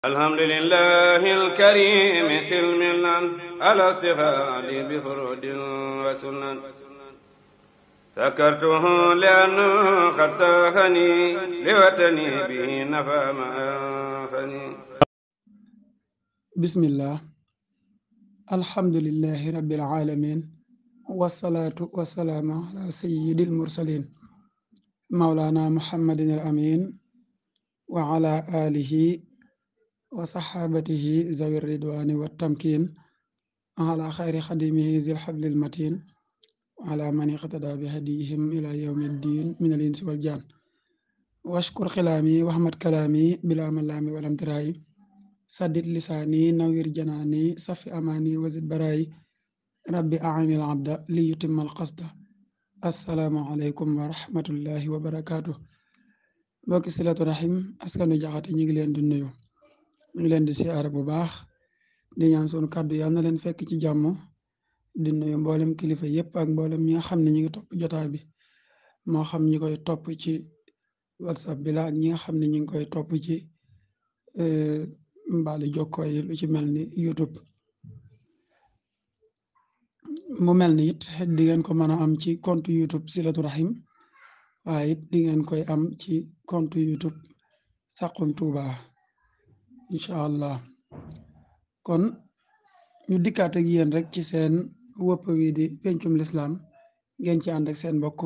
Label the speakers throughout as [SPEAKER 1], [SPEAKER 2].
[SPEAKER 1] alhamdulilah alkarim silmil nan alastifaadi bi furudin wa sunnan sakartuhu lianu xat saxani liwatani bi nafa ma fani bismillah alhamdulilahi rabbil alamin wasalaatu wasalaamu ala sayyidil mursalin maulana muhammadin al amin wa ala alihi wa saxaabatihi zawi ridwaani wa tamkiin ala xayri xadimihi zil xablil matin ala man bi hadiyihim ila yawmi min al insi washkur xilaami waxmat kalaami bila malaami walam tiraayi lisaani nawir janaani safi amaani wasid baraayi rabbi aanil abda li yutimmal qasda assalaamu aleykum wa rahmatullahi wa barakaatu mbokki silatu ñu ngi leen di nuyu ñu ngi leen di siyaare bu baax di ñaan sunu kàddu yal na leen fekk ci jàmm di nuyu mboolem kilifa yëpp ak mboolem ñi nga xam ne ñu ngi topp jotaay bi moo xam ñi koy topp ci whatsapp bi ñi nga xam ne ñu ngi koy topp ci e, mbaali jokkoo yi lu ci mel ni YouTube mu mel ni it di ngeen ko mën a am ci compte YouTube Silatu Rahim waaye it di koy am ci compte YouTube Saxum Touba. incha allah kon ñu dikkaat ak yéen rek ci seen wëpp wi di pencum lislaam ngeen ci ànd ak seen mbokk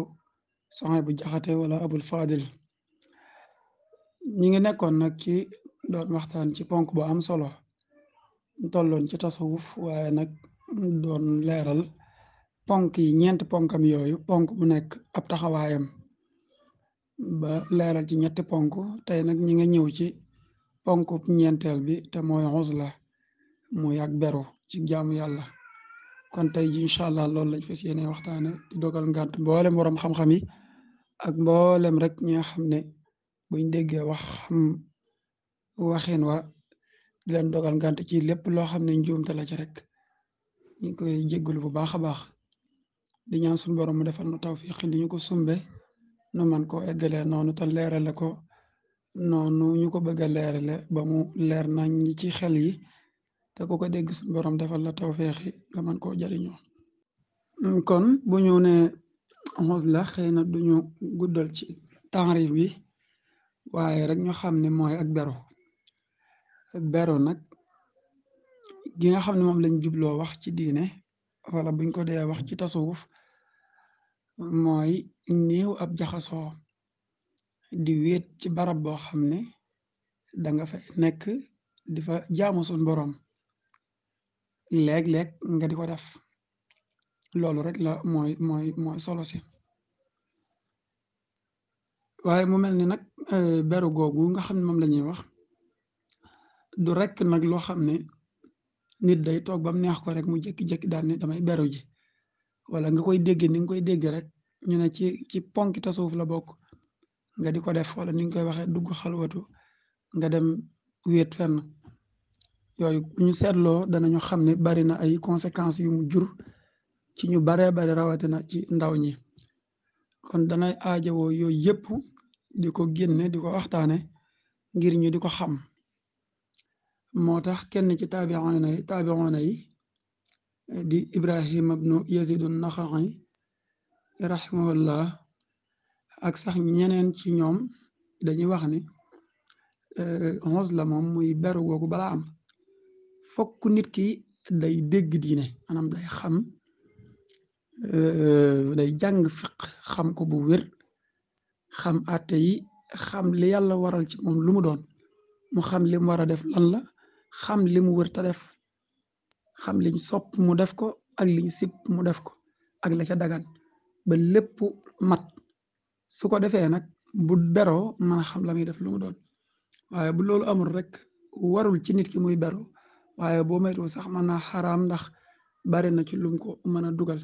[SPEAKER 1] soxna bu jaxate wala abul fadil ñi ngi nekkoon nag ci doon waxtaan ci ponk bu am solo tolloon ci tasawuf waaye nag doon leeral ponk yi ñeent ponkam yooyu ponk bu nekk ab taxawaayam ba leeral ci ñetti ponk tey nag ñi nga ci ponkub ñeenteel bi te mooy uzla muy ak beru ci jaamu yàlla kon tey ji incha allah loolu lañ fas yéene waxtaane di dogal ngant mboolem borom xam-xam yi ak mboolem rek ñi nga xam ne buñ déggee wax xam waxin wa di leen dogal ngant ci lépp loo xam ne njuumte la ci rek ñu koy jéggul bu baax a baax di ñaan suñu borom mu defal nu tawfiq fi ñu ko sumbe nu man koo eggalee noonu te leerale ko noonu ñu ko bëgg a leerale ba mu leer nañ ci xel yi te ku ko dégg suñu borom defal la tawféexi nga mën koo jariñoo kon bu ñu ne xosla xëy na duñu guddal ci taarif bi waaye rek ñu xam ne mooy ak beru beru nag gi nga xam ne moom lañ jubloo wax ci diine wala buñ ko dee wax ci tasawuf mooy niiw ab jaxasoo di wéet ci barab boo xam ne danga nga nekk difa fa jaamu sun boroom léeg-léeg nga di ko def loolu rek la mooy mooy mooy solo si waaye mu mel ni nag euh, beru googu nga xam ne moom la ñuy wax du rek nag loo xam ne nit day toog bam neex ko rek mu jékki-jékki daal ne damay beru wala nga koy dégg ni nga koy dégg rek ñu ne ci ci ponki tasawuf la bokk nga di ko def wala ni nga koy waxee dugg xalwatu nga dem wéet fenn yooyu ñu seetloo danañu xam ne bari na ay conséquences yu mu jur ci ñu baree bari rawatina ci ndaw ñi kon dana aajowoo yooyu yëpp di ko génne di ko waxtaane ngir ñu di ko xam moo tax kenn ci taabi'oona yi taabi'oona yi di Ibrahim ibnu Yazid an-Naxa'i rahimahullah ak sax ñeneen ci ñoom dañuy wax ni euh, onze la moom muy beru googu bala am fokk nit ki day dégg diine maanaam day xam euh, day jàng fiq xam ko bu wér xam atte yi xam li yàlla waral ci moom lu mu doon mu xam li mu war a def lan la xam li mu wër te def xam liñ sopp mu def ko ak liñ sip mu def ko ak la ca dagan ba lépp mat su ko defee nag bu beroo mën a xam la def lu doon waaye bu loolu amul rek warul ci nit ki muy beru waaye boo maytu sax mën naa xaraam ndax bari na ci lum ko mën a dugal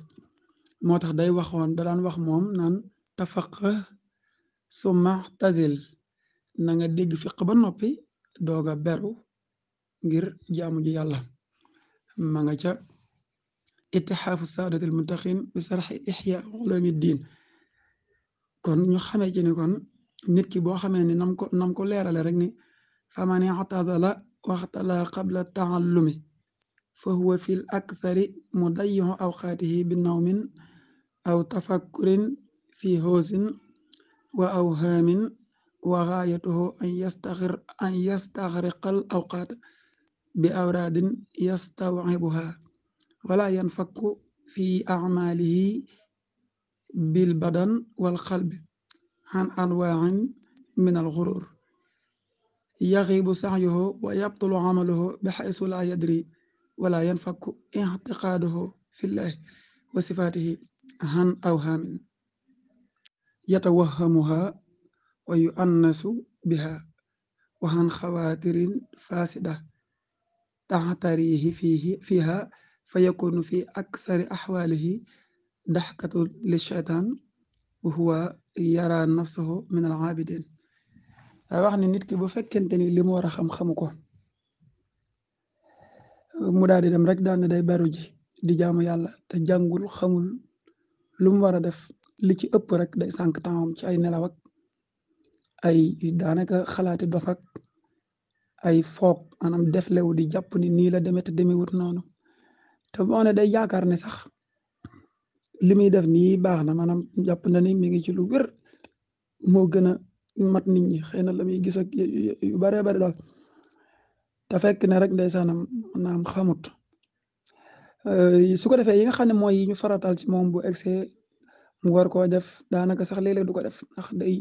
[SPEAKER 1] moo tax day waxoon da daan wax moom naan faq summa tazil na nga dégg fiq ba noppi dooga beru ngir jaamu ji yàlla ma nga ca itixaafu saadatil muntaqin bi sarxi ixya ulumi diin kon ñu xamee ci ne kon nit ki boo xamee ne nam ko nam ko leerale rek ni famani atazala waxtala qabla taallumi fa huwa fi l akthari mudayyihu awqaatihi bi nawmin aw tafakkurin fi hoosin wa awhaamin wa gaayatuhu an yastaxir an yastaxriqal awqaat bi awraadin yastawcibuha wala yanfakku fi acmaalihi bilbadan wal xalbi an anwaain min al xurur yaxibu saxyuhu wa yabtulu amaluhu bi xaysu laa yadri wala yanfakku intiqaaduhu fillahi wa sifaatihi han aw haamin yatawahamuha wa yuannasu biha wa han xawaatirin faasida taxtarihi fiha fa yakunu fi aksari axwaalihi daxkatu li shaytaan wa huwa yara nafsahu min al aabidin daa wax ne nit ki boo fekkente ni limu mu war a xam-xamu ko mu daal di dem rek daal ne day beru ji di jaamu yàlla te jàngul xamul lu mu war a def li ci ëpp rek day sànq tempsam ci ay nelaw ak ay daanaka xalaati dofak ay foog maanaam def lew di jàpp ni nii la demee te demewut noonu te boo ne day yaakaar ne sax li muy def nii baax na maanaam jàpp na ni mi ngi ci lu wér moo gën a mat nit ñi xëy na la muy gis ak yu baree bari daal te fekk ne rek ndeysaanam naam xamut euh, su ko defee yi nga xam ne mooy yi ñu farataal ci moom bu egsee mu war koo def daanaka sax léeg du ko def ndax day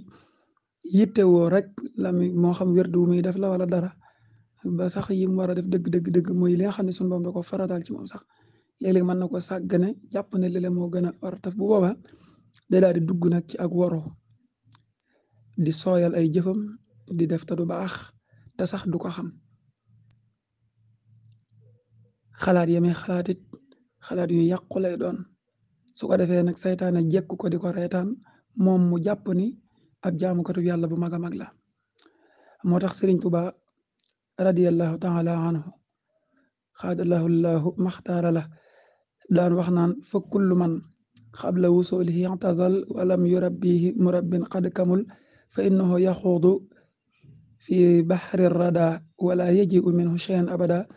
[SPEAKER 1] yitte woo rek lami muy moo xam wér du muy def la wala dara ba sax yi mu war a def dëgg dëgg dëgg mooy li nga xam ne sunu boom da ko farataal ci moom sax léeg-léeg mën na ko sàggane jàpp ne lële moo gën a war taf bu boobaa day di dugg nag ci ak woro di sooyal ay jëfam di def ta du baax te sax du ko xam xalaat yemee xalaatit xalaat yu yàqu lay doon su ko defee nag saytaane jekk ko di ko reetaan moom mu jàpp ni ab jaamukatu yàlla bu mag a mag la moo tax Sëriñ Tuba radiyallahu taala anhu xaadalaahu laahu maxtaara la daan wax naan fa kullu man xabla wusulihi intazal walam yurabbihi murabbin qad kamul fa innahu yaxuudu fi baxri rada wala yajiu minhu cheyan abada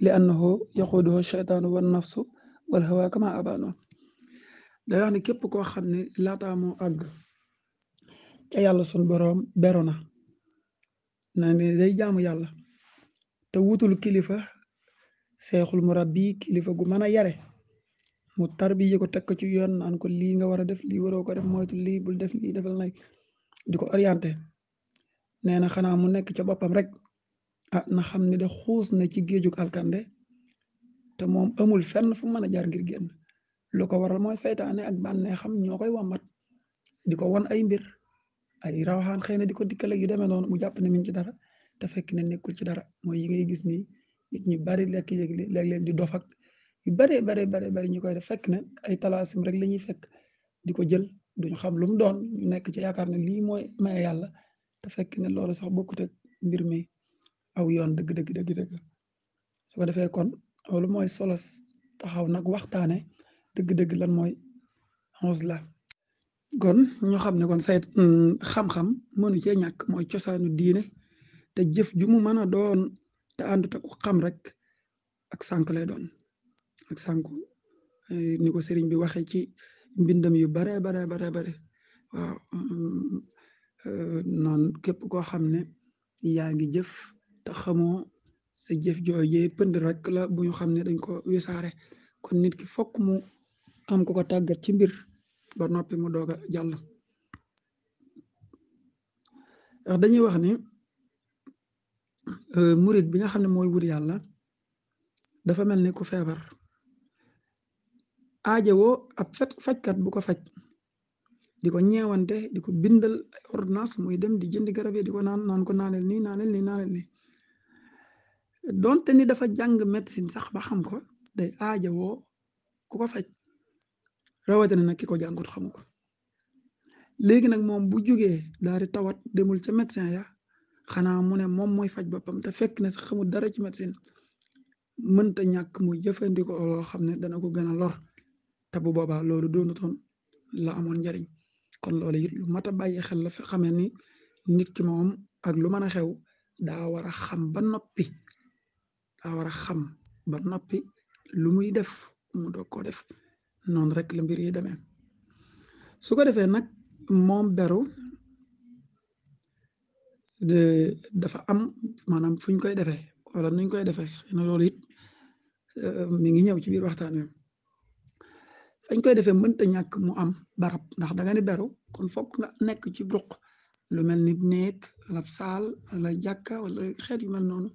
[SPEAKER 1] li annahu yaxuuduhu cheytaanu wan nafsu wal hawa kama abano day wax ne képp koo xam ne laataa moo àgg ca yàlla sun boroom beru na day jaamu yàlla te wutul kilifa seexul murabbi kilifa gu mën a yare mu tarbiye ko teg ko ci yoon naan ko lii nga war a def lii waroo ko def moytu lii bul def lii defal nag di ko orienté nee na xanaa mu nekk ca boppam rek a ah, na xam ne de xuus na ci géejug alkande te moom amul fenn fu mën a jaar ngir génn lu ko waral mooy saytaane ak bànnee xam ñoo koy wàmmat di ko won ay mbir ay rawaxaan xëy na di ko dikkale yu demee noonu mu jàpp ne min ci dara te fekk ne nekkul ci dara mooy yi ngay gis nii nit ñi bari lekk yéeg léeg leen di dof ak yu bare bare bare bari ñu koy def fekk na ay talaasim rek la ñuy fekk di ko jël duñ xam lu mu doon ñu nekk ci yaakaar ne lii mooy maye yàlla te fekk ne loolu sax bokkut ak mbir mi aw yoon dëgg dëgg dëgg dëgg ko defee kon lu mooy solos xaw nag waxtaane dëgg-dëgg lan mooy onze la kon ñu xam ne kon sayt mm, xam-xam mënu cee ñàkk mooy cosaanu diine te jëf ju mu mën a doon te àndut ak xam rek ak sànq lay doon ak sànku eh, ni ko bi waxee ci mbindam yu bare bare bare bare waaw mm, eh, noonu képp koo xam ne yaa ngi jëf te xamoo sa jëf joojee pënd rek la bu xam ne dañ ko wisaare kon nit ki fokk mu am ko ko ci mbir ba noppi mu doog a jàll ndax dañuy wax ni eh, murit bi nga xam ne mooy wut yàlla dafa mel ni ku feebar aajowoo ab fet fajkat bu ko faj di ko ñeewante di ko bindal ordinance ordonnance muy dem di jëndi garab yi di ko naan ko naanel nii naanel nii naanel nii donte ni dafa jàng médecine sax ba xam ko day aajowoo ku ko faj rawatina nag ki ko jàngut xamu ko léegi nag moom bu jógee daal tawat demul ca médecin ya xanaa mu ne moom mooy faj boppam te fekk na sax xamul dara ci médecine mënta ñàkk muy jëfandikoo loo xam ne dana ko gën a lor te bu boobaa loolu doonutoon la amoon njariñ kon loolu it lu mat a bàyyi xel la fi xamee ni nit ki moom ak lu mën a xew daa war a xam ba noppi daa war a xam ba noppi lu muy def mu doog koo def noonu rek la mbir yi demee su ko defee nag moom beru dafa am maanaam fuñ koy defee wala nuñ koy defee xëy na loolu it euh, mi ngi ñëw ci biir waxtaan wi fañ koy defee mënta ñàkk mu am barab ndax daga nga ni beru kon fokk nga nekk ci ruq lu mel ni néeg wala saal wala jàkka wala xeet yu mel noonu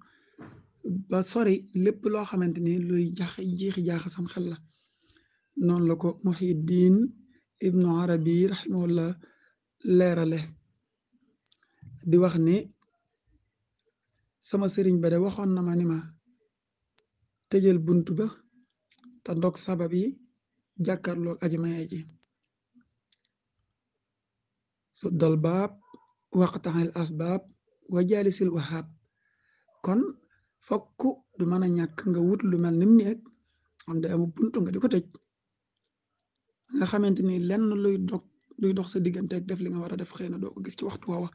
[SPEAKER 1] ba sori lépp loo xamante ni luy jax jiixi jaax sam xel la noonu la ko Muhiddin Ibnu Arabi rahimahullah leerale di wax ni sama sëriñ ba de waxoon na ma ni ma tëjal bunt ba te ndog sabab yi jàkkarloog aji maye ji suddal baab waqtaxil asbaab wa jaalisil waxaat kon fokk du mën a ñàkk nga wut lu mel nim néeg am day amu buntu nga di ko tëj nga xamante ni lenn luy dog luy dox sa diggante def li nga war a def xëy na doo ko gis ci waxtu woowa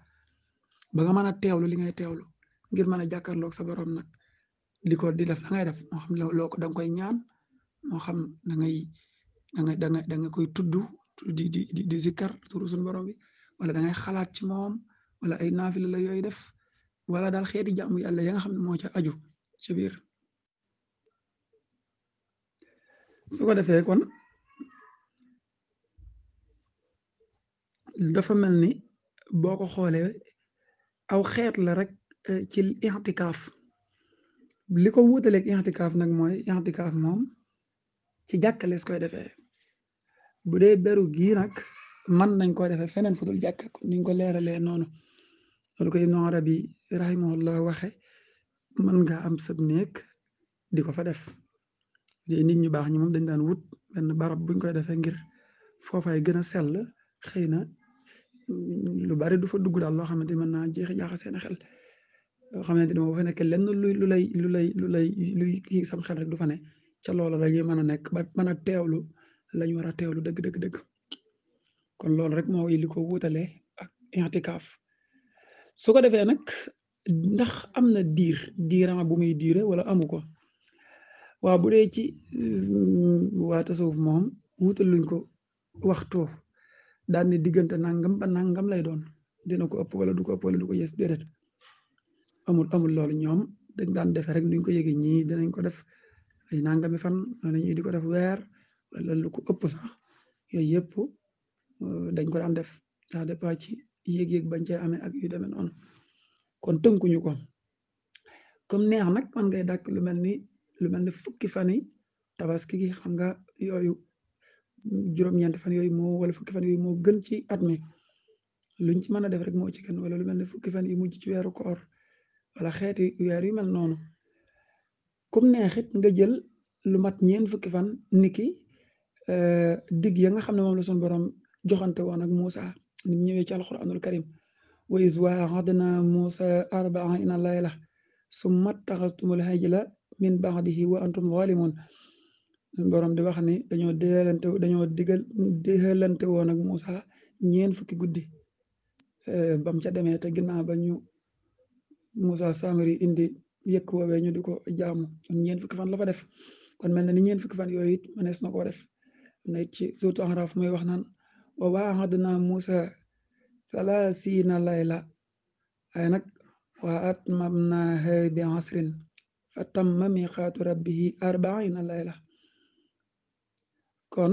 [SPEAKER 1] ba nga mën a teewlu li ngay teewlu ngir mën a jàkkaarloog sa borom nag li ko di def da ngay def moo xam loo ko da koy ñaan moo xam da da nga da nga nga koy tudd di di di di zikkar turu bi wala da xalaat ci moom wala ay naafila la yooyu def wala daal xeeti jàmm yàlla ya nga xam ne moo ca aju ci biir su ko defee kon dafa mel ni boo ko xoolee aw xeet la rek eh, ci i'tikaaf li ko wuutaleeg i'tikaaf nag mooy i'tikaaf moom ci jàkka lees koy defee bu dee beru gii nag mën nañ ko defee feneen fudul jàkk niñ ko leeralee noonu koy loolu ko Ibnu Arabi rahimahullah waxe mën nga am sab néeg di ko fa def de nit ñu baax ñi moom dañ daan wut benn barab buñ koy defee ngir foofaay gën a sell xëy na lu bari du fa dugg daal loo xamante ni mën naa jeexi jaaxa seen xel loo xamante ni moom bu fa nekk lenn lu lu lay lu lay lay luy kii sam xel rek du fa ne ca loola la mën a nekk ba mën a teewlu lañ war a teewlu dëgg dëgg dëgg kon loolu rek moo li ko wutale ak intikaaf su ko defee nag ndax am na diir diiran bu muy diire wala amu ko waa bu dee ci mm, waa tasawuf moom wutal luñ ko waxtu daal ne diggante nangam ba nangam lay doon dina ko ëpp wala du ko ëpp wala du ko yées déedéet amul amul loolu ñoom dañ daan defee rek nuñ ko yëgee ñii dinañ ko def ay nangami fan ñii di ko def weer wala lu ko ëpp sax yooyu yëpp euh, dañ ko daan def ça dépend ci yéeg-yéeg bañ cee amee ak yu demee noonu kon tënkuñu ko comme neex nag man ngay dàkk lu mel ni lu mel ni fukki fan yi tabaski gi xam nga yooyu juróom-ñeenti fan yooyu moo wala fukki fan yooyu moo gën ci at mi luñ ci mën a def rek moo ci gën wala lu mel ni fukki fan yi mujj ci weeru kor wala xeeti weer yu mel noonu comme neexit nga jël lu mat ñeen fukki fan niki Euh, digg ya nga xam ne moom la suñu borom joxante woon ak Moussa ni mu ñëwee ci alquranul karim wa iz waahadna Moussa arbaina layla summa taxastumul hajla min ba'dihi wa antum zalimun borom di wax dañoo déelante dañoo digal déelante woon ak ñeen fukki guddi euh, bam ca demee te ginnaaw ba ñu Moussa Samiri indi yëkk woowee ñu di ko jaamu ñeen fukki fan la fa def kon mel na ni ñeen fukki fan yooyu it mënees na koo def a na ci surtu Araf muy wax naan wa waahadna Musa salaasiina layla ay nag wa atmamnaaha bi asrin fa tamma miqaatu rabbihi arbaina layla kon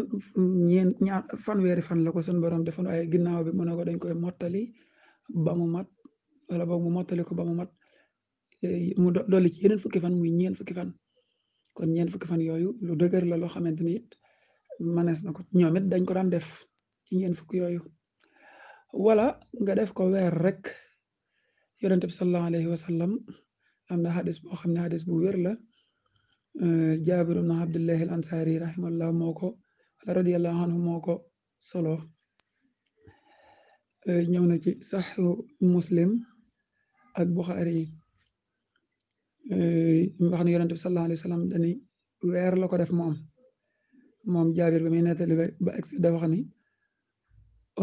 [SPEAKER 1] ñeen ñaar fanweeri fan la ko sun borom defoon ay ginnaaw bi mu ne ko dañ koy mottali ba mu mat wala boog mu mottali ko ba mu mat mu dolli ci yeneen fukki fan ñen ñeen fukki fan kon ñeen fukki fan yooyu lu dëgër la loo xamante ni manees na ko ñoom dañ ko daan def ci ñeent fukk yooyu wala nga def ko weer rek yonente bi sallallahu alayhi wa sallam am na xadis boo xam ne xadis bu wér la euh, jaabir ibn abdullahi al ansaari rahimahullah moo ko wala radiallahu anhu moo ko solo euh, ñëw na ci saxu muslim ak buxaari yi euh, wax ne yonente bi sallallahu dani weer la ko def moom moom jaabir ba muy nettali ba agsi da wax ni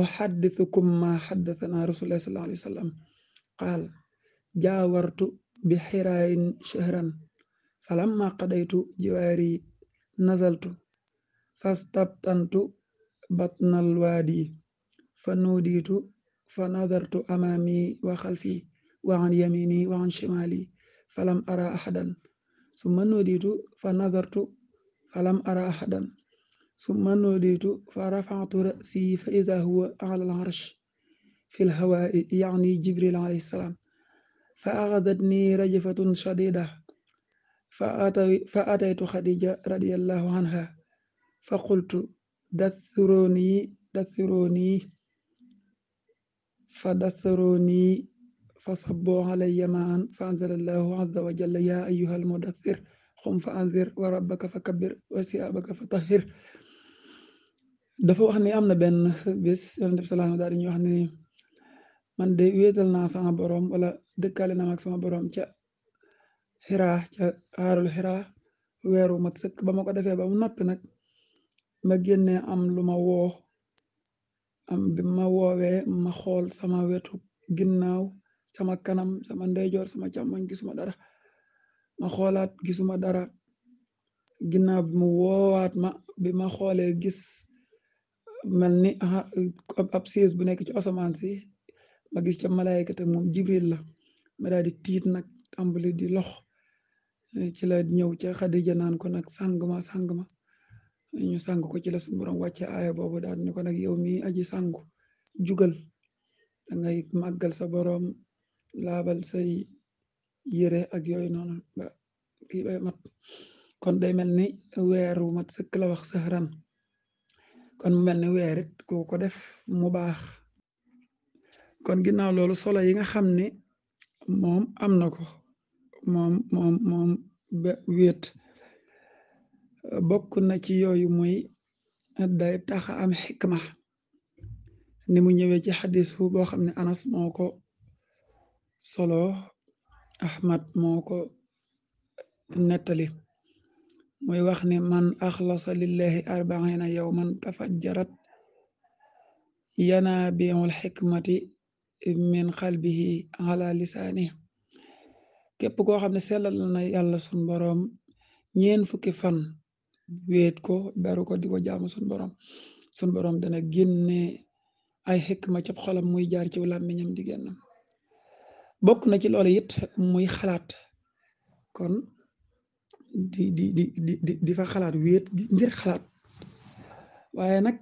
[SPEAKER 1] uxaddithukum ma xaddathana rasulullah sallallahu alayhi wa sallam qaal jaawartu bi xiraayin shahran falamma qadaytu jiwaari nazaltu fastabtantu batnal waadi fa nuudiitu fa nadartu amaami wa xalfi wa an yamini wa an shimaali falam ara axadan summa nuudiitu fa nadartu falam ara axadan summa nuuditu fa rafa'tu ra'si fa iza huwa ala al-'arsh fi al-hawaa'i ya'ni jibril alayhi salaam fa axadatni rajifatun shadida fa ataytu xadija radiyallahu anha fa qultu dathuruni dathuruni fa dathuruni fa sabbu alayya ma'an fa anzala allahu azza wa jalla ya ayyuha almudaththir qum fa anzir wa rabbaka fa kabbir wa si'abaka fa tahhir dafa wax ni am na benn bés yonent bi salaam daal di ñuy wax ni man de wéetal naa sama boroom wala dëkkaale naa ak sama borom ca xiraa ca aarul xiraa weeru mat sëkk ba ma ko defee ba mu napp nag ma génne am lu ma woo am bi ma woowee ma xool sama wetu ginnaaw sama kanam sama ndeyjoor sama càmmoñ gisuma dara ma xoolaat gisuma dara ginnaaw bi mu woowaat ma bi ma xoolee gis mel ni ab siis bu nekk ci asamaan si ma gis ca malaayka te moom jibril la ma tiit nag tàmbali di lox ci la ñëw ca xadija naan ko nag sàng ma sàng ma ñu sàng ko ci la suñu borom wàcce aaya boobu daal ni ko nag yow mi aji sàngu jugal da ngay màggal sa borom laabal say yére ak yooyu noonu ba bay mat kon day mel ni weer wu mat sëkk la wax saxran kon mu mel ne weer it ku ko def mu baax kon ginnaaw loolu solo yi nga xam ne moom am na ko moom mom moom ba wéet bokk na ci yooyu mooy day tax am xikma ni mu ñëwee ci xadis fu boo xam ne anas moo ko solo ahmad moo ko nettali muy wax ne man axlasa lillahi arbaina yawman tafajjarat yanaabiul xikmati min xalbihi ala lisaani képp koo xam ne sellal na yàlla sun boroom ñeen fukki fan weet ko beru ko di ko jaamu sun boroom sun boroom dana génne ay xikma ci xolam muy jaar ci làmmiñam di génn bokk na ci loolu it muy xalaat kon di di di di di fa xalaat wéet ngir xalaat waaye nag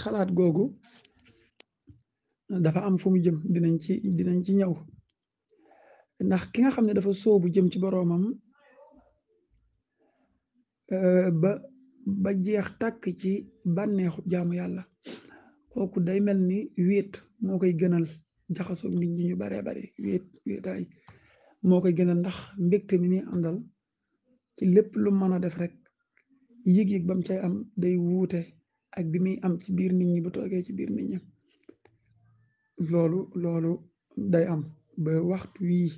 [SPEAKER 1] xalaat googu dafa am fu mu jëm dinañ ci dinañ ci ñaw ndax ki nga xam ne dafa sóobu jëm ci boroomam euh, ba jeex takk ci bànneexu jaamu yàlla kooku day mel ni weet moo koy gënal jaxasoog nit ñi ñu baree bare wéet wéetaay moo koy gënal ndax mbégte mi muy àndal ci lépp lu mën a def rek yëg-yëg bam cay am day wuute ak bi muy am ci biir nit ñi bu toogee ci biir nit loolu loolu day am ba waxtu wii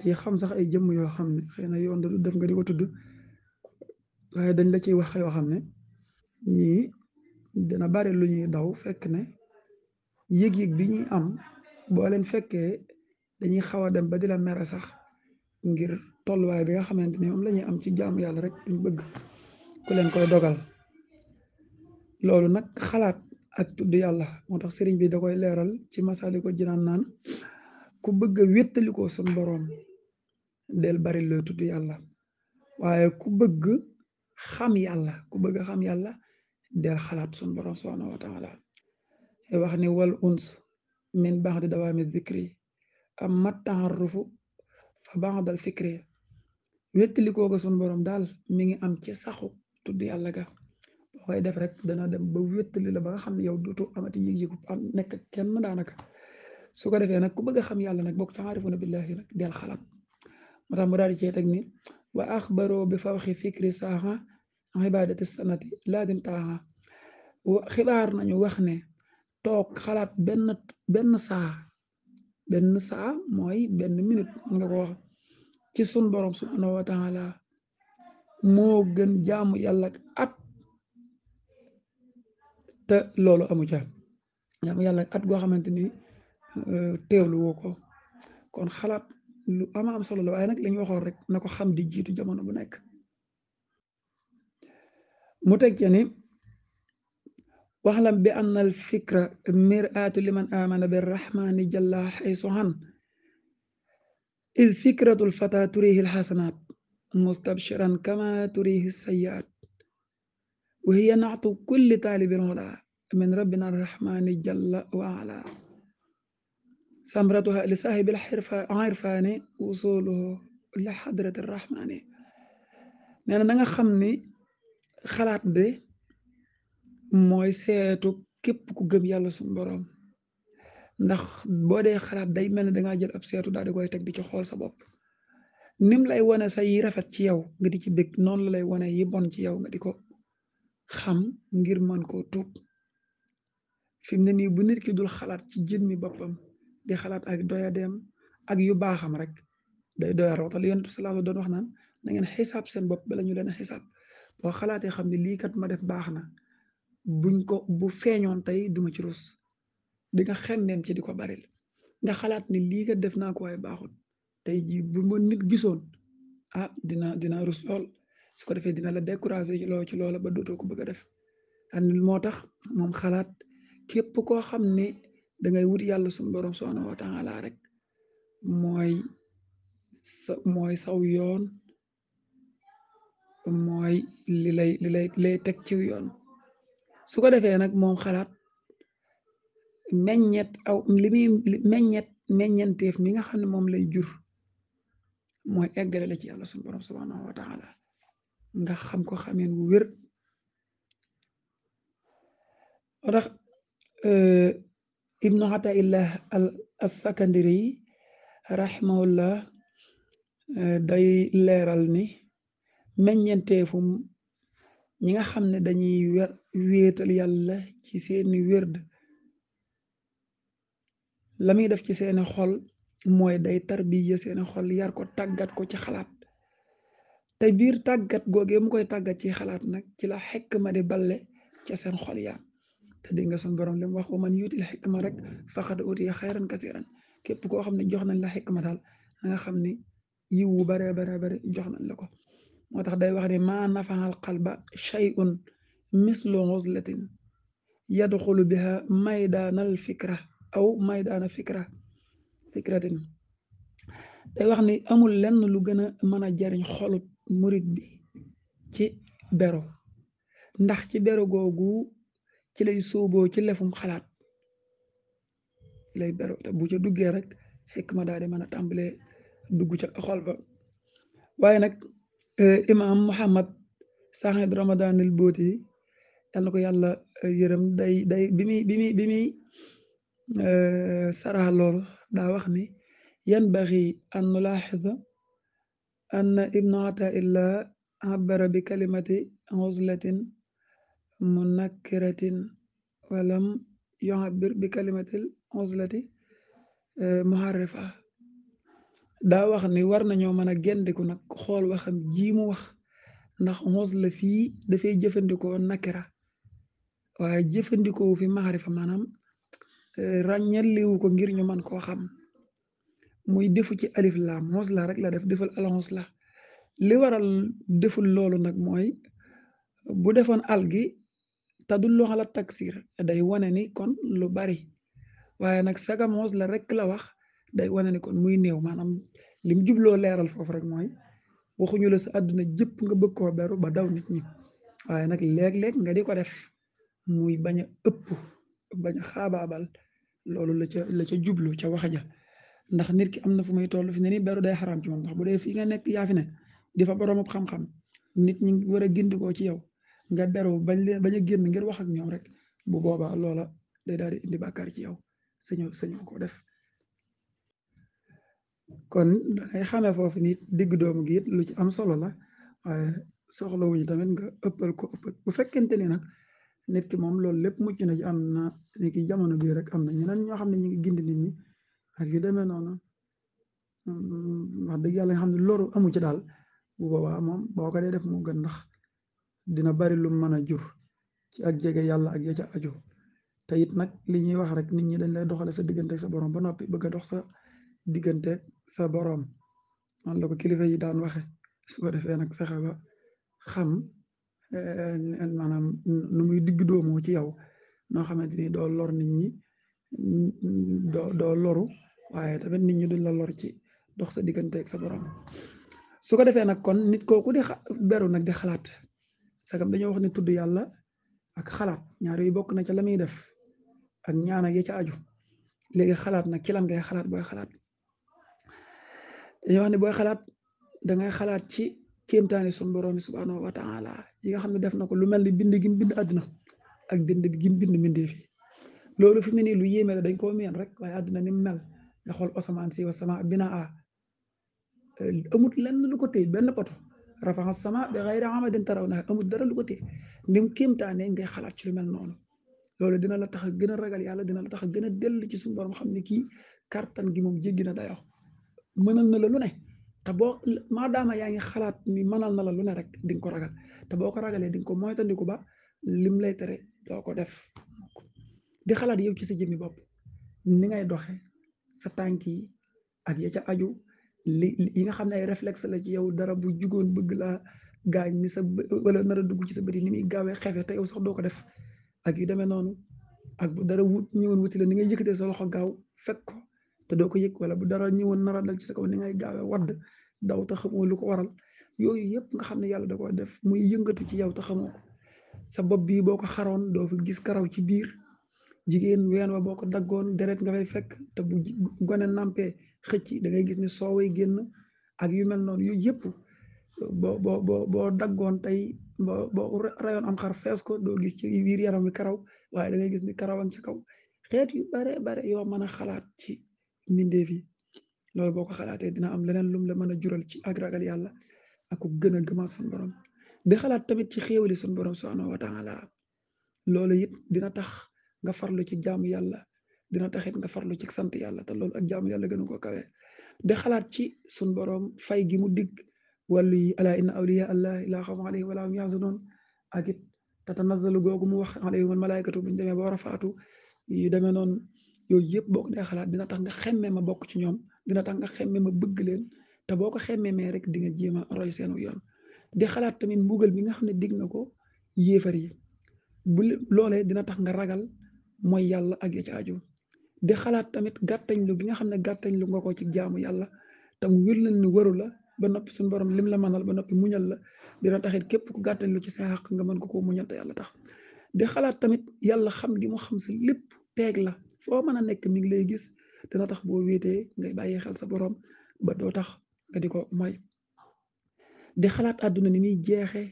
[SPEAKER 1] ci xam sax ay jëmm yoo xam ne xëy na yoon da du def nga di ko tudd waaye dañ la ciy wax yoo xam ne ñii dina bari lu ñuy daw fekk ne yëg-yëg bi ñuy am boo leen fekkee dañuy xaw a dem ba di la mere sax ngir tolluwaay bi nga xamante ni moom la am ci jaamu yàlla rek duñ bëgg ku leen koy dogal loolu nag xalaat ak tudd yàlla moo tax sëriñ bi da koy leeral ci masali ko jinaan naan ku bëgg a wéttalikoo sun boroom del bari looy yàlla waaye ku bëgg xam yàlla ku bëgg xam yàlla del xalaat sun boroom subhaanahu wa taala wax ni wal uns min ba'di dawaami dikri am mattaarufu fa ba'dal fikri wéttalikoo ko sunu borom daal mi ngi am ci saxu tudd yàlla ga boo koy def rek dana dem ba wéttali la ba nga xam ne yow dootoo amati yëg-yëgu am nekk kenn daanaka su ko defee nag ku bëgg a xam yàlla nag bokk taarifuna billahi nag del xalaat moo tax mu daal di cee teg ni wa axbaroo bi fawxi fikri saaxa ibadati sanati laadim taaxa xibaar nañu wax ne toog xalaat benn benn saa benn saa mooy benn minute mën nga ko wax ci sun borom subhanahu wa taala moo gën jaamu yàlla ak at te loolu amu ca jaamu yàlla ak at goo xamante ni euh, teewlu ko kon xalaat lu ama am solo la waaye nag lañu waxoon rek na ko xam di jiitu jamono bu nekk mu teg ca waxlam bi anna al fikra miraatu liman amana bi rahmani jalla xaysu il fikratul fata turihil xasanaat mustabshiran kama turihi sayyaat wa hiya naatu kulli taalibin xola min rabbina arrahmani jalla wa ala samratuha li saahibil irfaani usuluhu li xadrati arrahmani nee na nga xam ni xalaat bi mooy seetu képp ku gëm yàlla suñu boroom ndax boo dee xalaat day mel ne dangaa jël ab seetu daal di koy teg di ci xool sa bopp nim lay wane sa yi rafet ci yow nga di ci bég noonu la lay wane yi bon ci yow nga di ko xam ngir mën ko tuut fi mu ne nii bu nit ki dul xalaat ci mi boppam di xalaat ak doyadeem ak yu baaxam rek day doyar waxta li yonent bi salaatu doon wax naan na ngeen xisaab seen bopp bala ñu leen a xisaab boo xalaatee xam ne lii kat ma def baax na buñ ko bu feeñoon tey duma ci rus di nga xemmeem ci di ko baril nga xalaat ni lii ga def naa ko waaye baaxut te jii bu ma nit gisoon ah dina dina rus lool su ko defee dina la découragé ci loo ci loola ba dootoo ko bëgg a def an moo tax moom xalaat képp koo xam ne da ngay wut yàlla suñu borom subhanahu wa taala rek mooy mooy saw yoon mooy li lay li lay lay teg ci yoon su ko nag moom xalaat meññet aw li muy meññet meññenteef nga xam ne moom lay jur mooy eggale la ci yàlla suñu borom subhanahu wa taala nga xam ko xameen wu wér ndax euh, ibnu ataillah al as-sakandiri yi euh, day leeral ni meññenteefum ñi nga xam ne dañuy wéetal yàlla ci seeni wérd la muy def ci seen xol mooy day tarbiya seen xool yar ko tàggat ko ci xalaat te biir tàggat googee mu koy tàggat ci xalaat nag ci la xikma di balle ca seen xool yaa te dégg nga suñu borom li mu wax ko man yuutil xikma rek faqad utiya xayran képp koo xam ne jox nañ la xikma daal na xam ne yiwu bare bare bare jox nañ la ko moo tax day wax ne maa nafaxal qalba shay'un mislu uzlatin yadxulu biha maydaanal fikra aw maydaana fikra fikratin day wax ni amul lenn lu gën a mën a jariñ xolut murit bi ci bero ndax ci bero googu ci lay sóoboo ci lefum xalaat lay bero te bu ca duggee rek xekk ma daal di mën a tàmbalee dugg ca xol ba waaye nag e, imaam Muhammad Sahib Ramadanil Booti yal na ko yàlla e, yërëm day day bi muy bi muy bi muy Euh, sarax loolu daa wax ni yanbaxi an nulaxisa an ibnu ataillah abara bi kalimati xuslatin munakkiratin walam yuabir bi kalimatil xuslati euh, muharrifa daa wax ni war nañoo mën a gendiku nag xool waxam ji mu wax ndax xusla fii dafay jëfandikoo nakira waaye jëfandikoo fi maxarifa maanaam Euh, ràññalewu ko ngir ñu man koo xam muy deful ci alif laam mos la rek la def deful alons la li waral deful loolu nag mooy bu defoon al gi te du loo xalaat taksir day wane ni kon lu bari waaye nag saga mos la rek la wax day wane ni kon muy néew maanaam lim jubloo leeral foofu rek mooy waxuñu la sa àdduna jëpp nga bëg koo beru ba daw nit ñi waaye nag léeg-léeg nga di ko def muy bañ a ëpp bañ a loolu la ca la ca jublu ca wax ja ndax nit ki am na fu muy toll fi ne nii beru day xaraam ci ndax bu dee fii nga nekk yaa fi ne di fa xam-xam nit ñi war a gindikoo ci yow nga beru bañ leen bañ a génn ngir wax ak ñoom rek bu boobaa loola day daal di indi bàkkaar ci yow sañu sañu ko def kon dangay xamee foofu nit digg doomu gi lu ci am solo la waaye soxlawuñu tamit nga ëppal ko ëppal bu fekkente ni nag. nit ki moom loolu lépp mucc na ci am na nit ki jamono bii rek am na ñeneen ñoo xam ne ñu ngi gindi nit ñi ak yu demee noonu wax dëgg yàlla nga xam ne loru amu ci daal bu boobaa moom boo ko dee def mu gën ndax dina bari lu mën a jur ci ak jege yàlla ak ya ca aju te it nag li ñuy wax rek nit ñi dañ lay doxale sa digganteeg sa borom ba noppi bëgg a dox sa diggante sa borom man la ko kilifa yi daan waxe su ko defee nag fexe ba xam. Eh, maanaam nu muy digg mo ci yow noo xamante ni doo lor nit ñi doo doo loru waaye tamit nit ñi duñ la lor ci dox sa digganteeg sa borom su ko defee nag kon nit kooku de beru nag di xalaat sagam dañoo wax ne tudd yàlla ak xalaat ñaar yooyu bokk na ca la muy def ak ñaan ak ya ca aju léegi xalaat nag ci lan ngay xalaat booy xalaat dañuy wax ne xalaat dangay xalaat ci kéemtaani sunu borom subhanahu wa taala yi nga xam ne def na ko lu mel ni bind gi mu bind àdduna ak bind gi bind mbindee fi loolu fi mu nii lu yéeme la dañ koo meen rek waaye àdduna ni mu mel xool o asamaan si wa sama bina a amut lenn lu ko téye benn poto rafaxa sama bi xayri amadin taraw na amut dara lu ko téye ni mu kéemtaane ngay xalaat ci lu mel noonu loolu dina la tax a gën ragal yàlla dina la tax a gën a dell ci suñu borom xam ne kii kartan gi moom jéggi na dayoo mënal na la te boo maadaama yaa ngi xalaat mi mënal na la lu ne rek di nga ko ragal te boo ko ragalee di nga ko moytandiku ba lim lay tere doo ko def di xalaat yow ci sa jëmmi bopp ni ngay doxe sa tànk yi ak ya ca aju li yi nga xam ne ay réflexe la ci yow dara bu jugoon bëgg laa gaañ ni sa wala nar a dugg ci sa yi ni muy gaawee xefe te yow sax doo ko def ak yu demee noonu ak bu dara wut ñëwoon wuti la ni ngay yëkkatee sa loxo gaaw fekk ko te doo ko yëg wala bu dara ñëwoon nara dal ci sa kaw ni ngay gaawe wadd daw te xamoo lu ko waral yooyu yëpp nga xam ne yàlla da ko def muy yëngatu ci yow te xamoo ko sa bopp bii boo ko xaroon doo fi gis karaw ci biir jigéen ween boo ko daggoon deret nga fay fekk te bu gone nampee xëcc da gis ne soowee génn ak yu mel noonu yooyu yëpp boo boo boo daggoon tey boo boo rayoon am xar fees ko doo gis ci biir yaram wi karaw waaye da ngay gis ni karawan ci kaw xeet yu bare bare yoo mën a xalaat ci mbindeef yi loolu boo ko xalaatee dina am leneen lum la mën a jural ci ak ragal yàlla ak ku gën a gëmaa sun borom di xalaat tamit ci xéewali sun borom subhanahu wa taala loolu it dina tax nga farlu ci jaamu yàlla dina taxit nga farlu ci sant yàlla te loolu ak jaamu yàlla gënu ko kawe di xalaat ci sun borom fay gi mu dig wàllu yi ala inna awliya allahi laa xawfun alayhim wa laa hum yaxzanun ak it tatanazzalu googu mu wax alayhim al malaikatu buñ demee ba war a faatu yu demee yooyu yëpp boo ko dee xalaat dina tax nga xemme ma bokk ci ñoom dina tax nga xemme ma bëgg leen te boo ko xemmemee rek di nga jéem a roy seenu yoon di xalaat tamit mbugal bi nga xam ne dig na ko yéefar yi bu loolee dina tax nga ragal mooy yàlla ak ya ci aju di xalaat tamit gàttañlu gi nga xam ne gàttañlu nga ko ci jaamu yàlla te mu wér leen ni la ba noppi suñu borom lim la manal ba noppi muñal la dina taxit képp ku gàttañlu ci seen xaq nga mën ko koo muñal te yàlla tax di xalaat tamit yàlla xam gi mu xam si lépp peeg la foo mën a nekk mi ngi lay gis dina tax boo wéetee ngay bàyyi xel sa borom ba doo tax nga di ko mooy di xalaat àdduna ni muy jeexe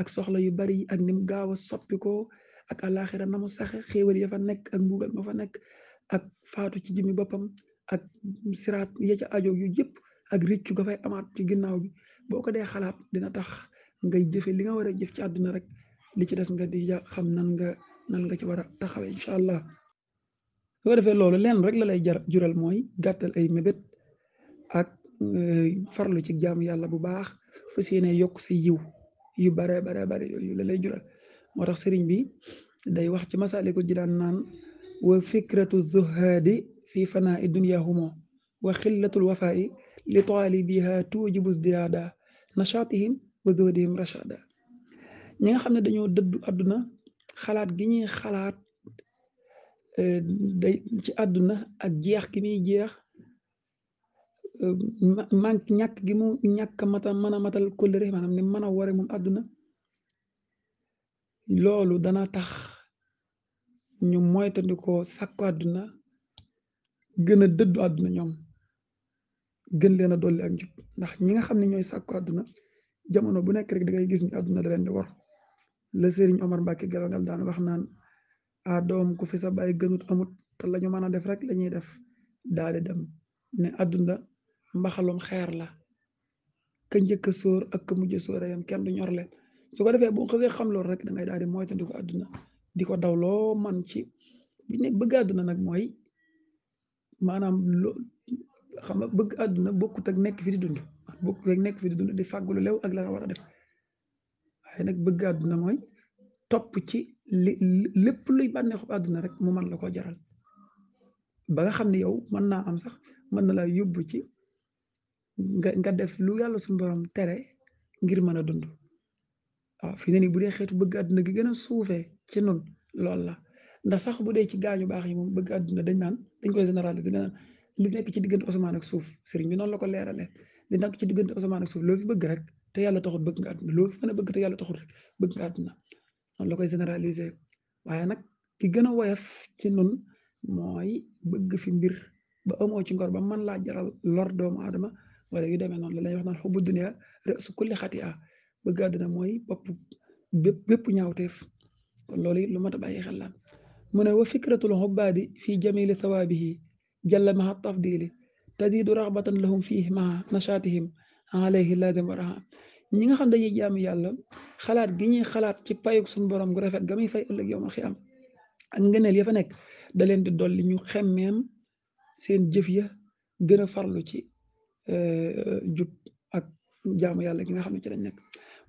[SPEAKER 1] ak soxla yu bari ak ni gaaw a soppi ko ak àllaaxira na mu saxe xéewal ya fa nekk ak mbugal ma fa nekk ak faatu ci jëmmi boppam ak siraat ye ca ajo yu yëpp ak riccu ga fay amaat ci ginnaaw bi boo ko dee xalaat dina tax ngay jëfe li nga war a jëf ci àdduna rek li ci des nga di xam nan nga nan nga ci war a taxawee incha allah su ko loolu lenn rek la lay jar jural mooy gàttal ay mébét ak euh, farlu ci jaamu yàlla bu baax fas yéene yokk si yiw yu bare bare bare yooyu la lay jural moo tax sëriñ bi day wax ci masaliku ji daan naan wa fikratu zuhaadi fi fanaa i dunia humo wa xillatul wafaai li taalibiha tuujibu zdiyaada nashaatihim wa zuhdihim rashada ñi nga xam ne dañoo dëddu àdduna xalaat gi xalaat Euh, day ci àdduna ak jeex ki muy jeex euh, man ñàkk gi mu ñàkk mata mën matal kóllëre maanaam ne mën a mun moom àdduna loolu dana tax ñu moytandikoo sàkku àdduna gën a dëddu adduna ñoom gën leen a dolli ak ndax ñi nga xam ne ñooy sako àdduna jamono bu nekk rek da ngay gis ni àdduna da leen di war la Serigne Omar Mbacke Gallo Ngal daan wax naan a doom ku fi sa baay gënut amut te la ñu mën a def rek la ñuy def daale dem ne àdduna mbaxalum xeer la ka njëkk a sóor ak ka mujj a sóor yam kenn du ñor leen su ko defee boo xasee xam loolu rek da ngay daal di moytandiku àdduna di ko daw man ci bi ne bëgg àdduna nag mooy maanaam loo xam nga bëgg àdduna bokkut ak nekk fi di dund bokkut ak nekk fi di di fàggulu lew ak la war a def waaye mooy topp ci li lépp luy bànneexu àdduna rek mu man la koo jaral ba nga xam ne yow mën naa am sax mën na laa yóbbu ci nga nga def lu yàlla suñu borom tere ngir mën a dund waaw fi ne nii bu dee xeetu bëgg àdduna gi gën a suufee ci nun lool la ndax sax bu dee ci gaañu baax yi moom bëg àdduna dañ naan dañ koy généraliser dañ naan li nekk ci diggante asamaan ak suuf sëriñ bi noonu la ko leeralee li nekk ci diggante asamaan ak suuf loo fi bëgg rek te yàlla taxut bëgg nga àdduna loo fi mën a bëgg te yàlla taxut rek bëgg nga noonu la koy généraliser waaye nag ki gën a woyof ci nun mooy bëgg fi mbir ba amoo ci ngor ba man laa jaral lor doomu aadama wala yu demee noonu la lay wax naan xubbu dunia su kulli xati a bëgg àdduna mooy bopp bépp bépp ñaawteef kon loolu lu mat a bàyyi xel la mu ne wa fikratul xubbaadi fii jamili thawaabihi jalla maha tafdili tadidu raxbatan lahum fii maha nashaatihim alayhi ladim waraha ñi nga xam dañuy jaamu yàlla xalaat gi ñuy xalaat ci payug suñu borom gu rafet ga muy fay ëllëg yow ma xi am ak ngëneel ya fa nekk da leen di dolli ñu xemmeem seen jëf ya gën a farlu ci euh, jub ak jaamu yàlla gi nga xam ne ci lañ nekk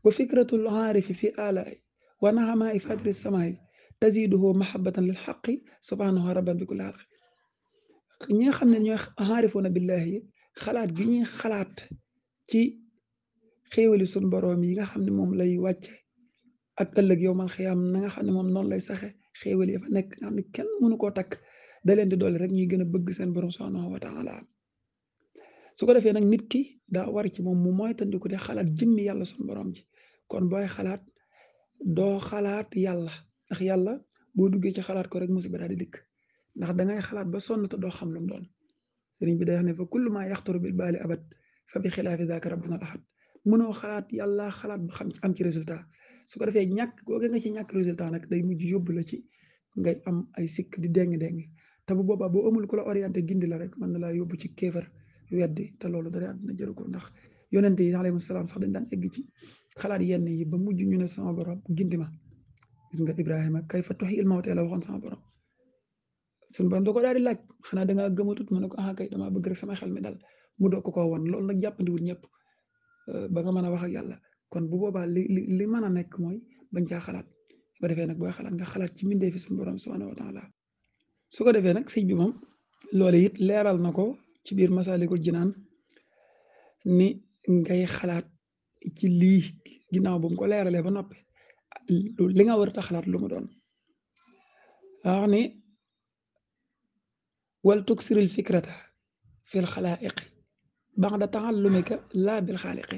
[SPEAKER 1] wa fikratul aarifi fi alaay wa naxamaay fatiri samaay taziduhu mahabatan lil xaqi subhanahu rabban bi kulli xalqi ñi nga xam ne ñooy aarifuuna billahi xalaat gi ñuy xalaat ci xéewali suñ boroom yi nga xam ne moom lay wàcce ak ëllëg yow mal xiyaam na nga xam ne moom noonu lay saxe xéewali ya fa nekk nga xam ne kenn mënu koo takk da leen di doole rek ñuy gën a bëgg seen borom subhaanahu wa taala su ko defee nag nit ki daa war ci moom mu mooy tandiku di xalaat jëmmi yàlla suñ borom ji kon booy xalaat doo xalaat yàlla ndax yàlla boo duggee ci xalaat ko rek musiba daal di dikk ndax dangay xalaat ba sonn te doo xam lu mu doon sëriñ bi day wax ne fa kullu maa yaxtaru bil baali abad fa bi xilaafi zaaka rabbuna al ahad mënoo xalaat yàlla xalaat ba xam am ci résultat su ko defee ñàkk googe nga ci ñàkk résultat nag day mujj yóbbu la ci ngay am ay sikk di déng-déng te bu boobaa boo amul ku la orienté gindi la rek mën na laa yóbbu ci kéefar di te loolu dara àddina jëru ko ndax yonente yi alayhi salaam sax dañ daan egg ci xalaat yenn yi ba mujj ñu ne sama borom gindi ma gis nga Ibrahima kay fa toxi il mawtee la waxoon sama borom suñu borom da ko daal di laaj xanaa da ngaa gëmatut mu ne ko ah kay bëgg rek sama xel mi dal mu doog ko koo woon loolu nag jàppandiwul ñëpp Euh, ba nga mën a wax ak yàlla kon bu boobaa li li mën a nekk mooy bañ caa xalaat ba defee nag booy xalaat nga xalaat ci mbindee fi suñu borom subhanahu wa taala su ko defee nag sëñ bi moom loolu it leeral na ko ci biir masaalikul jinaan ni ngay xalaat ci lii ginnaaw bu ko leeralee ba noppi li nga war a xalaat lu doon wax ni wal tuksiril fikrata fil xalaa'iqi ba nga taallumika laa bil xaaliqi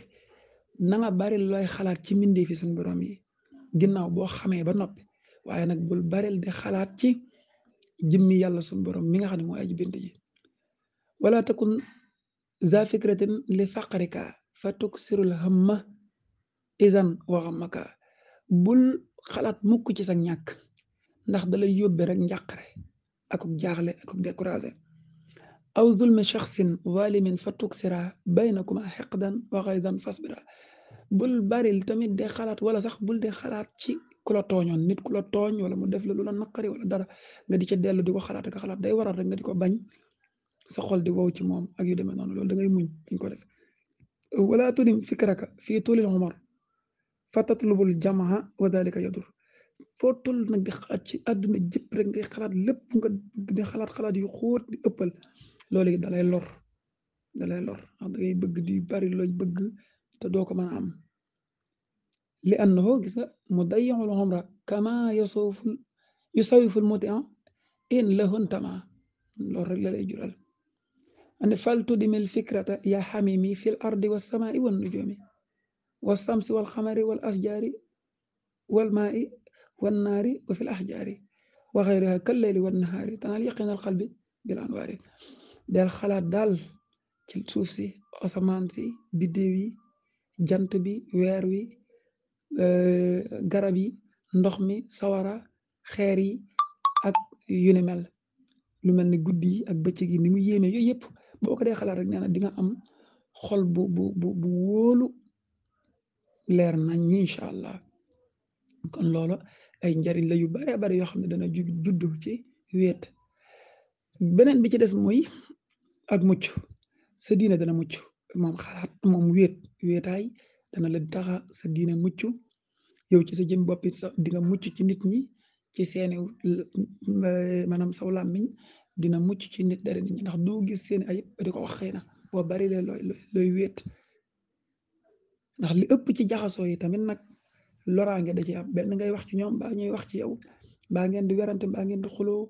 [SPEAKER 1] na nga bari looy xalaat ci mbindee fi suñu borom yi ginnaaw boo xamee ba noppi waaye nag bul baril di xalaat ci jëmmi yàlla suñu borom mi nga xam ne mooy aji bind ji wala takun za fikratin li faqrika fa tuksirul hamma izan wa ghammaka bul xalaat mukk ci sa ñàkk ndax dalay yóbbe rek njàqare akuk jaaxle akuk découragé aw zulmi shaxsin zalimin fa tuksira baynakuma xeqdan wa xaydan fasbira bul baril tamit de xalaat wala sax bul de xalaat ci ku la tooñoon nit ku la tooñ wala mu def la lu na naqari wala dara nga di ca dellu di ko xalaat ak day waral rek nga di ko bañ sa xol di wow ci moom ak yu demee noonu loolu da ngay muñ dañ ko def wala turim fikraka fii tuulil umar fa tatlubul jamaa wa dalika yadur foo toll nag di xalaat ci àdduna jëpp rek ngay xalaat lépp nga di xalaat xalaat yu xóot ëppal loolu it dalay lor dalay lor xam da ngay bëgg di bari looy bëgg te doo ko mën a am li annahu gis nga mu dayyixul umra kama yusawiful yusawiful mutia in lahun tama loolu rek la lay jural an faltudimil fikrata ya xamimi fi l ardi wasamaai wan nujumi wasamsi walxamari wal asjaari walmaai wannaari wa fi l axjaari wa xayriha kalleyli wannahaari tanaal yaqin alxalbi bil anwaari del xalaat daal ci suuf si asamaan si biddéew yi jant bi weer wi euh, garab yi ndox mi sawara xeer yi ak yu ni mel lu mel ni guddi yi ak bëccëg yi ni yéeme yooyu yëpp boo ko dee xalaat rek nee na di nga am xol bu bu bu bu leer na ñi incha allah kon loolu ay njariñ la yu bare bare yoo xam ne dana jug juddu ci wéet beneen bi ci des mooy ak mucc sa diine dana mucc moom xalaat moom wéet wéetaay dana la taxa sa diine mucc yow ci sa boppit bopp it mucc ci nit ñi ci seeni eh, maanaam saw làmmiñ dina mucc ci nit dara nit ñi ndax doo gis seen ayib ba di ko wax xëy na boo bari lee looy looy wéet ndax li ëpp ci jaxasoo yi tamit nag loraange da ci am benn ngay wax ci ñoom baa ñuy wax ci yow baa ngeen di werante ngeen di xuloo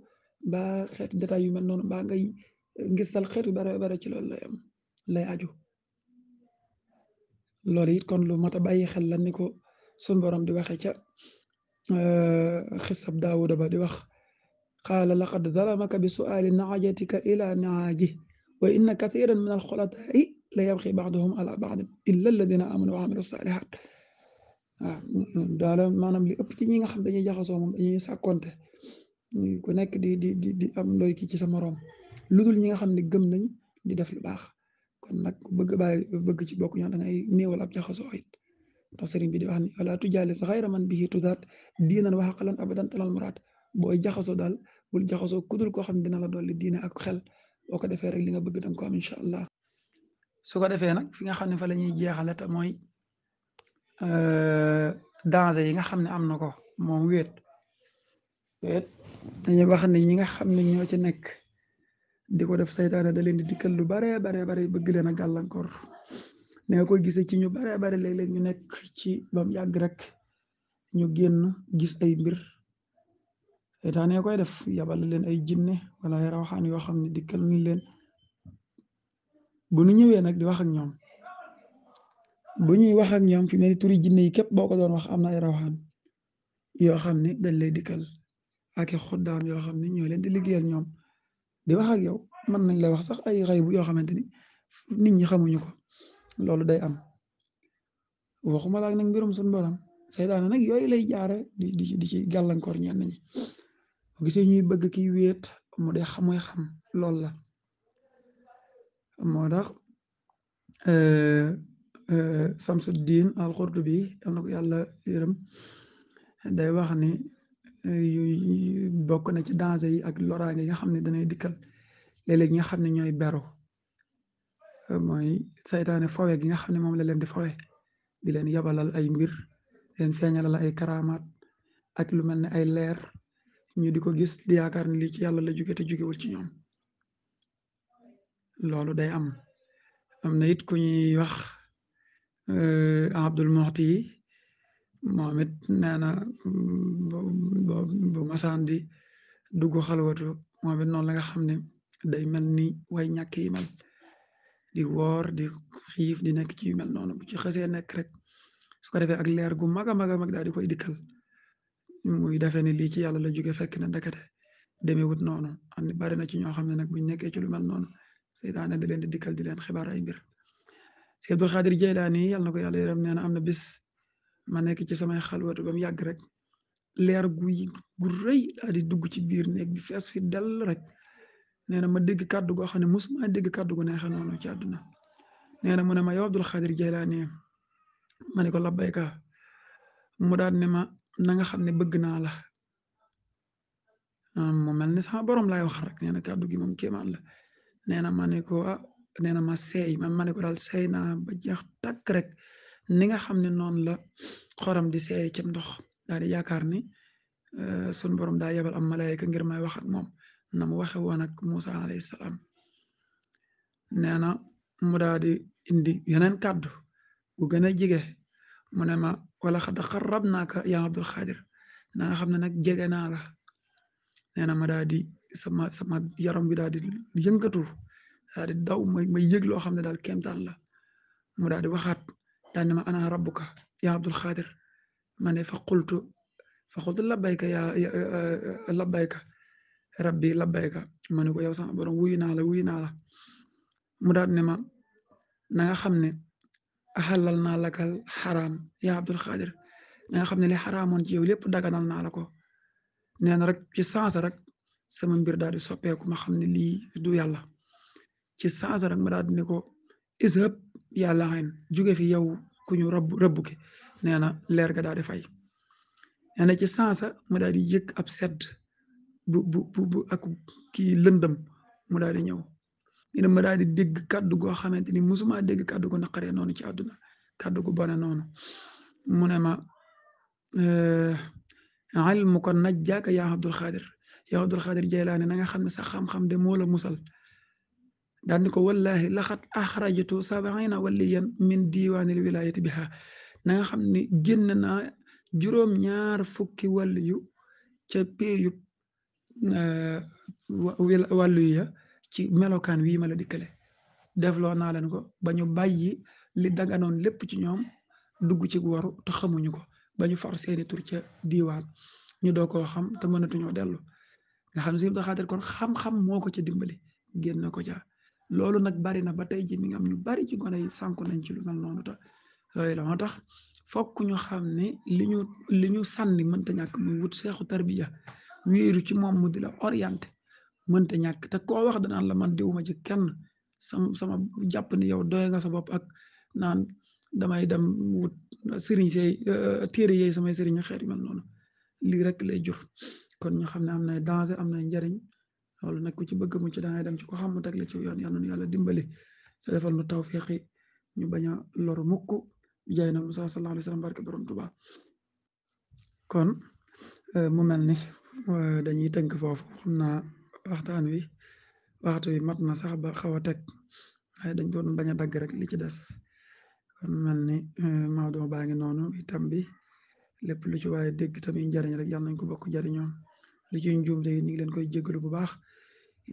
[SPEAKER 1] baa xeet détail yu mel noonu baa ngay gisal xeet yu bare bare ci loolu lay am lay aju loolu it kon lu mata a bàyyi xel la ni ko sun borom di waxe ca eh, xisab daawuda ba di wax qaala laqad dalamaka bi suaali naajatika ila naaji wa inna kathiran min alxulataai la yabxi baaduhum ala baadin illa alladina amanu wa amilu salihat waaw daala maanaam li ëpp ci ñi nga xam dañuy jaxasoo moom dañuy sàkkonte ku nekk di di di am looy kii ci sa moroom lu dul ñi nga xam ne gëm nañ di def lu baax kon nag bëgg bàyyi bëgg ci bokk ñoo da ngay néewal jaxaso jaxasoo it ndax sëriñ bi di wax ni wala tujaale sa xayra man bihi tudaat diinan wa xaqalan abadan talal muraat booy jaxasoo daal bul jaxasoo kudul ko xam ne dina la dool dolli diine ak xel boo ko defee rek li nga bëgg danga ko am incha allah su ko defee nag fi nga xam ne fa la ñuy jeexale te mooy euh, danger yi nga xam ne am na ko moom wéet wéet dañuy wax nga xam ne ñoo ci nekk di ko def saytaane da leen di dikkal lu bare bare bare bëgg leen a gàllankoor ne nga koy gisee ci ñu bare bare léeg-léeg ñu nekk ci bam yàgg rek ñu génn gis ay mbir saytaane koy def yabal leen ay jinne wala ay rawxaan yoo xam ne dikkal ñu leen bu ñu ñëwee nag di wax ak ñoom bu ñuy wax ak ñoom fi mu ne turi jinne yi képp boo ko doon wax am na ay rawxaan yoo xam ne dañ lay dikkal ak i xoddaam yoo xam ne ñoo leen di liggéeyal ñoom di wax ak yow mën nañ lay wax sax ay xaybu yoo xamante ni nit ñi xamuñu ko loolu day am waxuma laak nag mbirum suñu borom saytaane nag yooyu lay jaare di di di ci gàllankoor ñenn ñi bu gisee ñuy bëgg kii wéet mu de xamoy xam loolu la moo tax euh, euh, Samsuddin al-Qurtubi am na ko yàlla yërëm ni yu bokk na ci danger yi ak loraange yi nga xam ne danay dikkal léeg-léeg ñi nga xam ne ñooy beru mooy saytaane fowe gi nga xam ne moom la leen di fowe di leen yabalal ay mbir di leen feeñalal ay karamaat ak lu mel ne ay leer ñu di ko gis di yaakaar ne lii ci yàlla la jóge te jógewul ci ñoom loolu day am am na it ku ñuy wax euh, Abdul Muhti Mohamed nee na bu masaan di dugg xalwatu Mohamed noonu la nga xam ne day mel ni way ñàkk yi mel di woor di xiif di nekk ci yu mel noonu bu ci xasee nekk rek su ko defee ak leer gu mag a mag a di koy dikkal muy defee ni lii ci yàlla la jóge fekk na ndekete demewut noonu am na bari na ci ñoo xam ne nag buñ nekke ci lu mel noonu seytaane di leen di dikkal di leen xibaar ay mbir si Abdul Xaadir Jeylaani yàlla na ko yàlla am na bis ma nekk ci samay xalwatu ba mu yàgg rek leer gu rëy daal di dugg ci biir néeg bi fees fi dell rek nee na ma dégg kàddu goo xam ne musuma dégg kàddu gu neexee noonu ci àdduna nee na mu ne ma yow Abdul Xadir Jaylaani ma ne ko labbayka mu daal ne ma nanga xam ne bëgg naa la mu mel ni sama borom laay wax rek nee na kàddu gi moom kéemaan la nee na ma ne ko ah, nee na ma seey man ma ne ko daal seey naa ba jeex takk rek ni nga xam ne noonu la xorom di seey ci ndox daal yaakaar ni euh, sun borom daa yebal am malayka ngir may wax ak moom na mu waxe woon ak Moussa alayhi salaam na mu daa di indi yeneen kàddu gu gën a jige mu ne ma wala xad xarab naa ka yaa Abdul Xaadir na xam ne nag jege naa la nee na ma daa sama sama yaram bi daal di yëngatu daal di daw loo xam ne daal kéemtaan la mu daal waxaat daan na ma ana rabuka yaa Abdul Xaadir ma ne fa qultu fa qultu labbayka yaa labbayka rabbi labbayka ma ne ko yow sama borom wuyu naa la wuyu naa la mu daal ne ma na nga xam ne axalal naa lakal xaraam yaa Abdul Xaadir na nga xam ne li xaraamoon ci yow lépp daganal naa la ko nee na rek ci saasa rek sama mbir daal di soppeeku ma xam ne lii du yàlla ci saasa rek ma daal di ko izhab yàlla xayn jóge fi yow ku ñu rëbb rëbb ki nee na leer ga daal di fay nee na ci sansa mu daal di yëg ab sedd bu bu bu ak kii lëndëm mu daal di ñëw nee na ma daal di dégg kàddu goo xamante ni musuma dégg kàddu gu naqaree noonu ci àdduna kàddu gu bone noonu mu ne ma ilmu ko najjaaka yaa Abdul Xaadir yaa Abdul Xaadir Jaylaani na nga xam ne sax xam-xam de moola musal daan ni ko wallahi laxat axrajtu sabaina waliyan min diwaanil wilayati biha na nanga xam ne génn naa juróom ñaar fukki wàllu yu ca péeyub eh, wàllu ya ci melokaan wii ma la dikkale defloo naa leen ko ba ñu bàyyi li daganoon lépp ci ñoom dugg ci waru te xamuñu ko ba ñu far tur ca diwaan ñu doo koo xam te mënatuñoo dellu nga xam si daxaatir kon xam-xam moo ko ca dimbali génn ko ca loolu nag bari na ba tey ji mi ngi am ñu bari ci gone yi sànku nañ ci lu mel noonu ta yooyu la moo tax fokk ñu xam ne li ñu li ñu sànni mënta ñàkk muy wut seexu tarbiya wéeru ci moom mu di la orienté mënta ñàkk te koo wax danaan la man diwuma ci kenn sama sama jàpp ni yow doy nga sa bopp ak naan damay dem wut sëriñ say euh, euh, téere yeey samay sëriñ xeet yi mel noonu lii rek lay jur kon ñu xam ne am na danger am na njariñ loolu nag ku ci bëgg mu ci dangay dem ci ko xam mu teg la ci yoon yal na nu yàlla dimbali ñu bañ a lor mukk bi na Musaa sallallahu alayhi wa sallam barke borom Tuubaa kon euh, mu mel ni euh, dañuy tënk foofu xam naa waxtaan wi waxtu wi mat na sax ba xaw a teg waaye dañ doon bañ a dagg rek li ci des kon mel ni euh, Maodo baa ngi noonu itam bi lépp lu ci waaye dégg tamit njariñ rek yal nañ ko bokk njariñoom li ci ñu ngi leen koy jégalu bu baax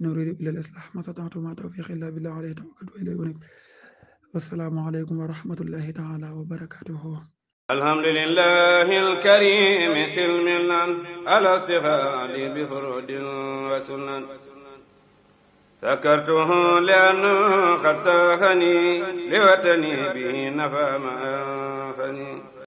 [SPEAKER 1] إن أريد إلا الإصلاح ما استطعت وما توفيقي إلا بالله عليه توكلت وإليه أنيب والسلام عليكم ورحمة الله تعالى وبركاته الحمد لله الكريم سلم على استغال بفرود وسنن سكرته لأنه قد ساخني لوطني به نفى ما أنفني